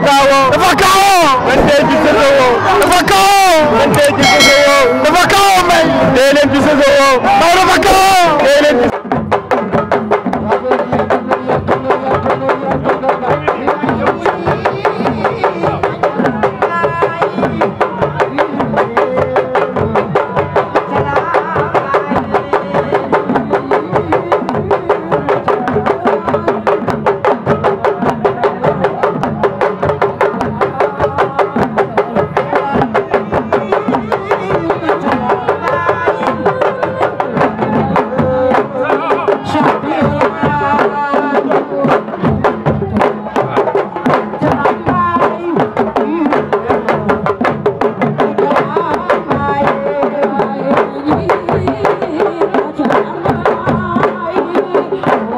dafa kaawoo dafa kaawoo man tey ji sësewoo dafa kaawoo man tey ji sësewoo Thank you.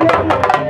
Thank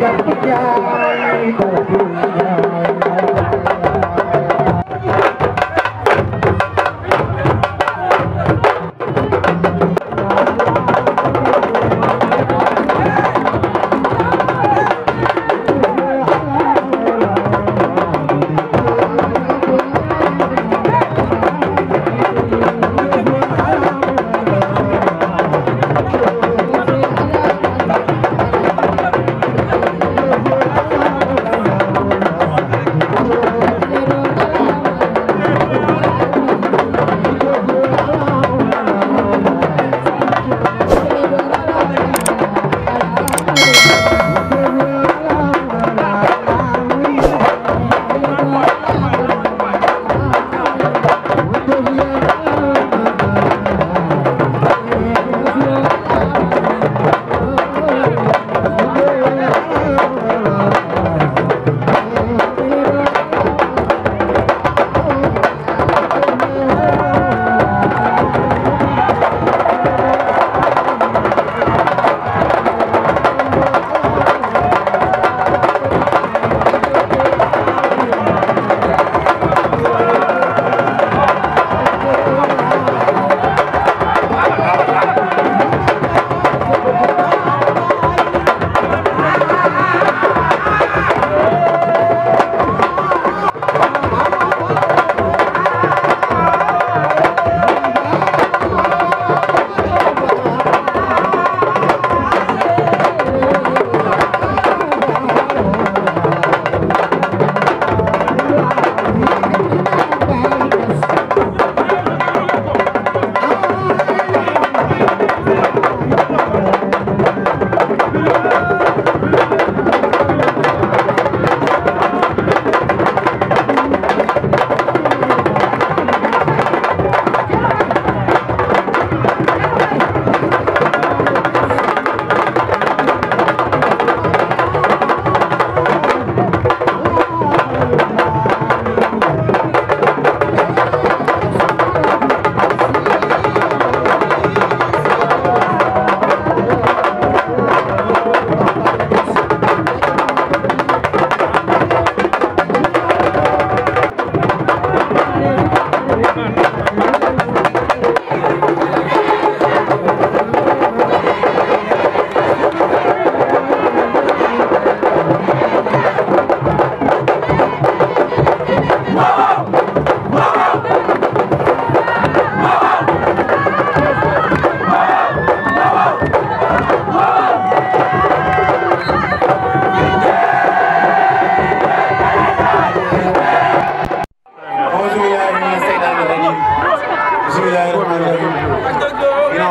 gần nhà cùng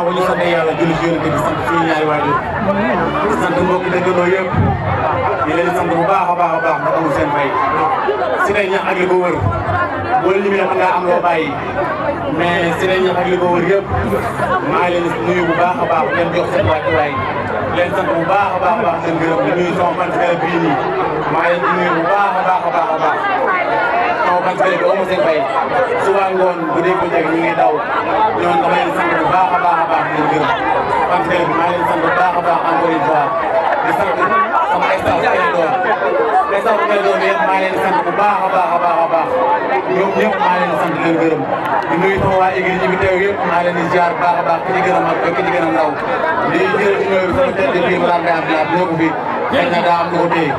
ginnaaw ba ñu sant yàlla julli ci yonent bi sant suñu ñaari waajur di sant mbokk dëkkandoo yëpp di leen sant baax a baax a baax ndax amul seen fay si day ñax ak li ko wër boo limee xam ngaa am loo bàyyi mais si day ñax li ko wër yëpp maa ngi leen nuyu bu baax a baax leen jox seen bu baax a baax a baax li gërëm di nuyu si garab bii nii maa ngi leen a baax a baax a baax ak bële ba mu seen fay suba ngoon bu dee ko njëkk ñu ngi daw ñoom dama leen sant bu baax a baax a baax di leen gërëm parce que maa leen sant bu baax a baax encore une fois di sant sama staff Kelle Dóor staff Kelle Dóor yëpp maa leen sant bu baax a baax a baax a baax ñoom ñëpp maa leen sant di leen gërëm di nuyu sama waa église ñi fi teew yëpp maa leen di ziar baax a baax ki ci gën a mag ak ki ci gën a ndaw di jël numéro bi sama tête de fii Mbarré Abdoulaye ñoo ko fi. xëy na daa am lu ko téye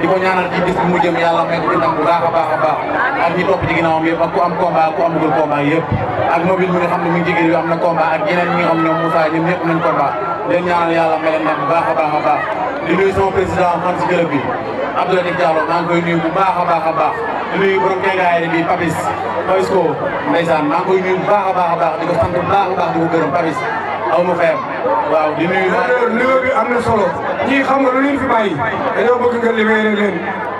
di ko ñaanal ci bis bi mu jëm yàlla may ko ci ndam bu baax a baax a baax ak ñi topp ci ginnaawam yëpp ak ku am combat ku amagul combat yëpp ak mobile mu nga xam ne mi ngi jigéen yu am na combat ak yeneen ñi nga xam ñoom Moussa ñoom ñëpp nañ combat leen ñaanal yàlla may leen bu baax a baax a baax di nuyu sama président fan si club bi Abdoulaye Diallo maa ngi koy nuyu baax a a baax di nuyu borom tegaay bi Papis ko ndeysaan maa bu baax a baax a baax di ko sant bu baax a baax di ko aw ma fayam waaw di nuyu ma nuyoo bi am na solo ñii xam nga lu leen fi bàyyi dañoo bëgg nga libéré leen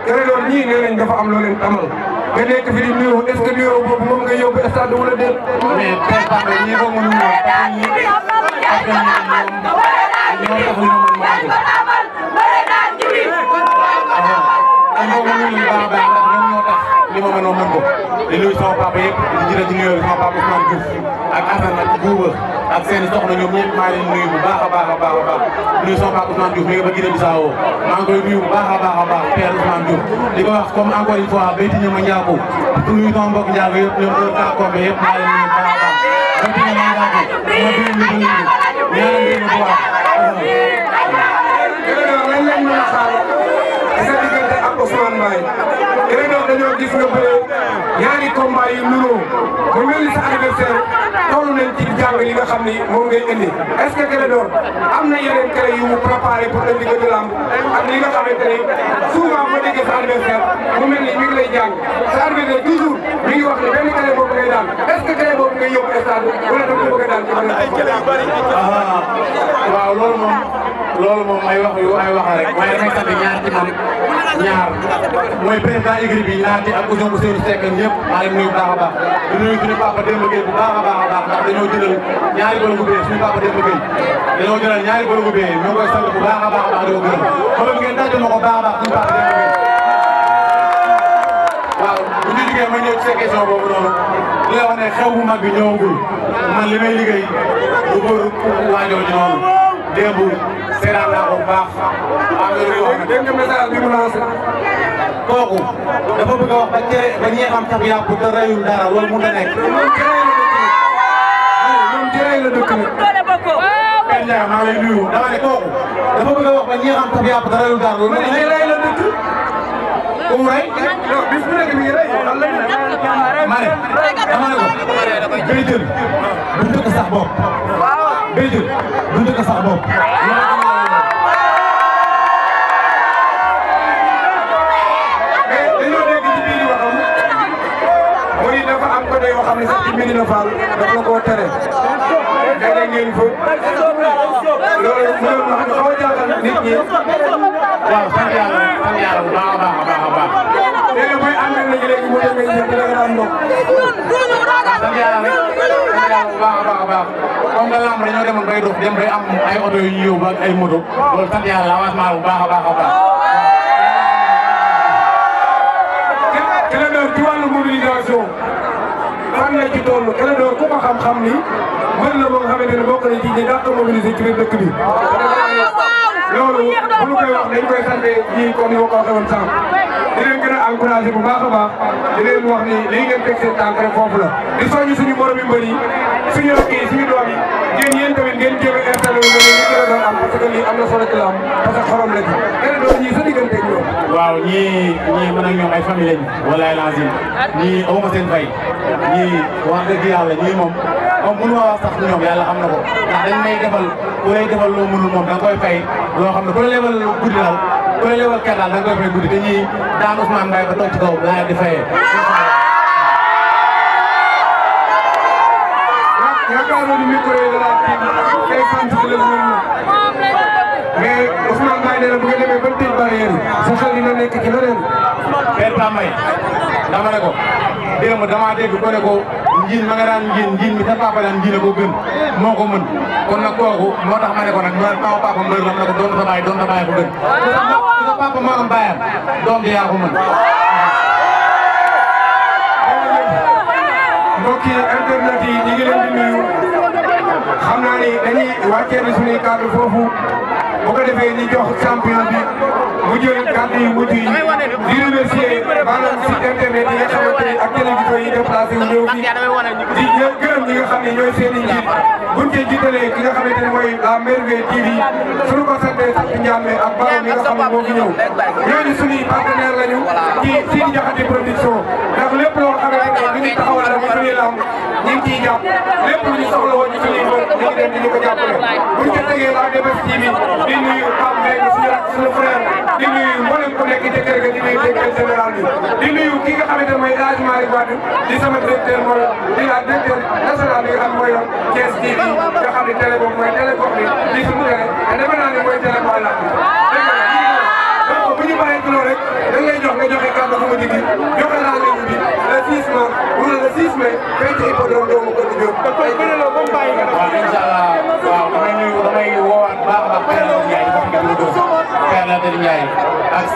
dara doon ñii nee nañ dafa am loo leen tamal nga nekk fi di nuyoo est ce que nuyoo boobu moom nga yóbbu stade wala déet mais préparé ñi ko mënu ñoo parce que ñi ak ñoom ñoo tax ñu mën maa ko ak ñoom mënu ñu baax a baax ndax ñoom ñoo tax li ma mënoon mën ko di nuyu sama papa yëpp di jëlee ci nuyoo bi sama papa Ousmane Diouf ak Assane ak Bouba ak seen i soxna ñoom ñëpp maa leen nuyu bu baax a baax a baax a baax nuyu sama papa Ousmane Diouf mi nga ba Guinée Bissau maa ngi koy nuyu bu baax a baax a baax père Ousmane Diouf di ko wax comme encore une fois béyti ñë ma njaaku pour nuyu sama mbokk njaaku yëpp ñoom heure ka kombe yëpp maa leen nuyu bu baax a baax béyti ñë ma njaaku ma di nuyu ñu ñaanal leen bu baax lan lañ mën a xaar sa diggante ak Ousmane Mbaye dañoo gis nga combat yi nuroo ba mel sa adversaire toll nañ ci jàng li nga xam ni moom ngay indi est-ce que Clédor am na yeneen clé yu mu préparé pour indi ko ci làmb ak li nga xamante ni souvent ma déggee sa adversaire mu mel ni mi ngi lay jàng sa adversaire toujours mi ngi wax ne benn clé boobu ngay daan est-ce que clé boobu ngay yóbbu stade wala da nga ko bëgg a daan ci benn loolu moom ay wax yu ay wax la rek waaye damay sant ñaar ci man ñaar mooy président écurie bi ñaati ak Ousmane Ousseynou Seck ñëpp maa leen nuyu bu baax a baax di nuyu suñu papa Demba Gueye bu baax a baax a baax ndax dañoo jëlal ñaari bologu bee suñu papa Demba Gueye dañoo jëlal ñaari bologu bee ñoo koy sant bu baax a baax a baax di ko gërëm xoolal ngeen tàjjal ma ko baax a baax suñu papa Demba Gueye waaw bu ñu jugee ma ñëw ci sa question boobu noonu di la wax ne xew bu mag bi ñëwagul man li may liggéey bu bëri waajoo ji noonu démb seeraan naa ko bu baax. waaw loolu dégg nga message bi mu lancé. kooku dafa bëgg a wax ba cere ba ñeexam sax yàpp te rayul dara loolu mun na nekk. moom cere la dëkk nag. benn jaay maa lay nuyu dama ne kooku dafa bëgg a wax ba ñeexam sax yàpp te rayul dara loolu mun na nekk. la dëkk. ku mu rey. non bis bu nekk mi ngi rey. ma ne dama ne ko béykat bu njëkk sax bopp. béykat bu njëkk sax bopp. yoo waaw sant yàlla sant yàlla baax a baax a baax a baax. léegi nag mooy àndal nañu léegi mu demee ñëpp dina gën a am ndox. sant yàlla rek sant yàlla bu baax a baax a baax comme que lamb dañoo demoon bay dox fan la ci toll Clédor ku ko xam ni mën na ba nga xamante ne bokk na ci ñi dàq mobilisé ci biir dëkk bi. loolu bu ñu koy wax dañ koy sant ji comme ni gën a encouragé bu baax a baax di leen wax ni lii ngeen teg seen tànk rek foofu la di soññ suñu moromi mbër yi suñu rakk yi suñu doom yi ngeen yéen tamit ngeen jéem a installé wu ngeen gën a doon am parce que lii am na solo ci la am parce que xorom la ci kenn doon ñii sa diggante ak ñoom waaw ñii ñii mën ak ñoom ay famille lañu walaay lancim ñii awuma seen fay ñii wax dëgg yàlla ñii moom moom mënu ma wax sax ñoom yàlla xam na ko ndax dañ may defal ku lay defal loo mënul moom da nga koy fay loo xam ne ku la lebal guddi daal ku la yowal kenn daal da nga koy fay guddi dañuy daan Ousmane Mbaye ba toog ci kaw laay di fayee. yaakaaroon ni micro yi da laa kii kay fan si la wóor na mais Ousmane Mbaye nee na bu nga demee ba tëj barrière sa xel dina nekk ci leneen. Père Tambay dama ne ko démb damaa dégg ko ne ko njiin ma nga daan njiin njiin mi sa papa daan njiin a ko gën. moo ko mën kon nag kooku moo tax ma ne ko nag ma ma papa mbër la ma ko doon sa baay doon ku sa papa moroom baayam doom bi yaa ko mën nuyu xam naa ni dañuy wàccee suñuy kàddu foofu bu ko defee ñu jox champion bi mu jël kàddu yu mujj yi di remercier maanaam site internet yi nga xamante ni ak télévision yi déplacé wu ñëw fi di ñëw gërëm ñi nga xam ne ñooy seen i njiit buñ cee jiitalee ki nga xamante mooy la merveille TV suñu ko santee ak Baro mi nga xam ne moo fi ñëw ñooñu suñuy partenaire lañu ci Sidi Diakhaté production ndax lépp loo xamante ñu taxawal rek ñu ngi ciy ñu soxla leen di ñu ko jàppale bu ñu ko tegee waa DBS TV di nuyu Pape Mbengue suñu suñu frère di nuyu mboolem ku nekk ci kër ga di nuyu directeur général bi di nuyu ki nga xamante ne mooy Elhadji Malick Wade di sama directeur mooy di la directeur national bi nga xam mooy yoon Thiès TV nga xam ne télé boobu mooy télé gox bi di suñu télé te defe naa ne mooy télé bu àll bi dégg nga donc bu ñu bàyyi ci loolu rek dañ lay jox nga joxe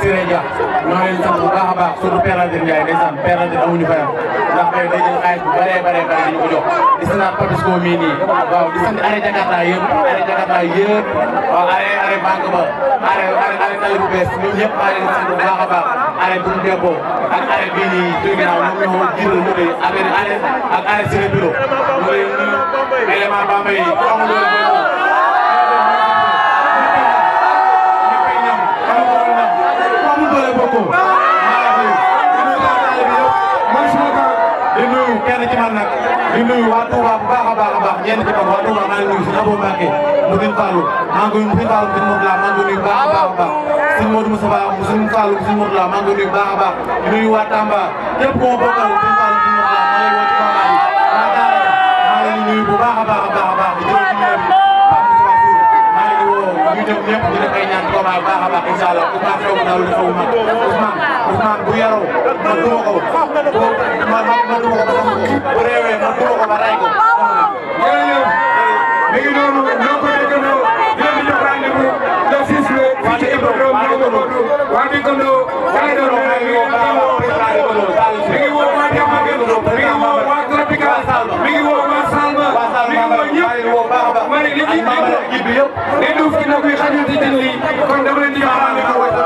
Siré Dia ñoo leen sant bu baax a baax surtout Père Adir Ndiaye ndeysaan Père Adir amuñu fayam ndax day jël xaalis bu bëree bëree bëri dañu ko jox di sant Papis Ko mii nii waaw di sant arrêt Jakarta yëpp arrêt Jakarta yëpp waaw ba arrêt arrêt tali bu bees ñoom ñëpp maa leen sant baax a baax arrêt bu dépôt ak arrêt bii nii ci ginnaaw ñoom ñoo jiital moto yi arrêt arrêt ak arrêt Siré Bureau mooy élément Bambey nuyu waa Touba bu baax a baax a baax ñenn ci waa Touba maa ngi nuyu suñu Abou Mbacké mu bin Fallou maa ngi nuyu bin Fallou bin Mourla maa ngi nuyu baax a baax a baax suñu Modou Moussa Ba suñu Fallou suñu Mourla maa ngi nuyu baax a baax di nuyu waa Tamba képp koo bokkal bin Fallou bin Mourla maa ngi woo ci Tamba bi waa Daara maa ngi nuyu bu baax a baax a baax a baax di jël ci nuyu bi maa ngi woo ñu ñëpp ñëpp ñu def ay ñaan combat bu baax a baax incha allah ku baax xew na lu xew ma Ousmane Ousmane bu yaroo ma duma ko ma ma ma duma ko ma bu réewee ma duma ko ma ray ko. jërëjëf mi ngi noonu ñoo ko déggandoo di leen jox rendez-vous le 6 mai. waa di ko doon waa di ko doon waa di ko doon waa di ko doon mi ngi woo waa Diamaguène mi ngi woo waa Tropical mi ngi woo waa Salma mi ngi woo ñëpp ma ne li ci nekk li duuf ci nag yi xajul ci jën lii kon dama leen di jox rendez-vous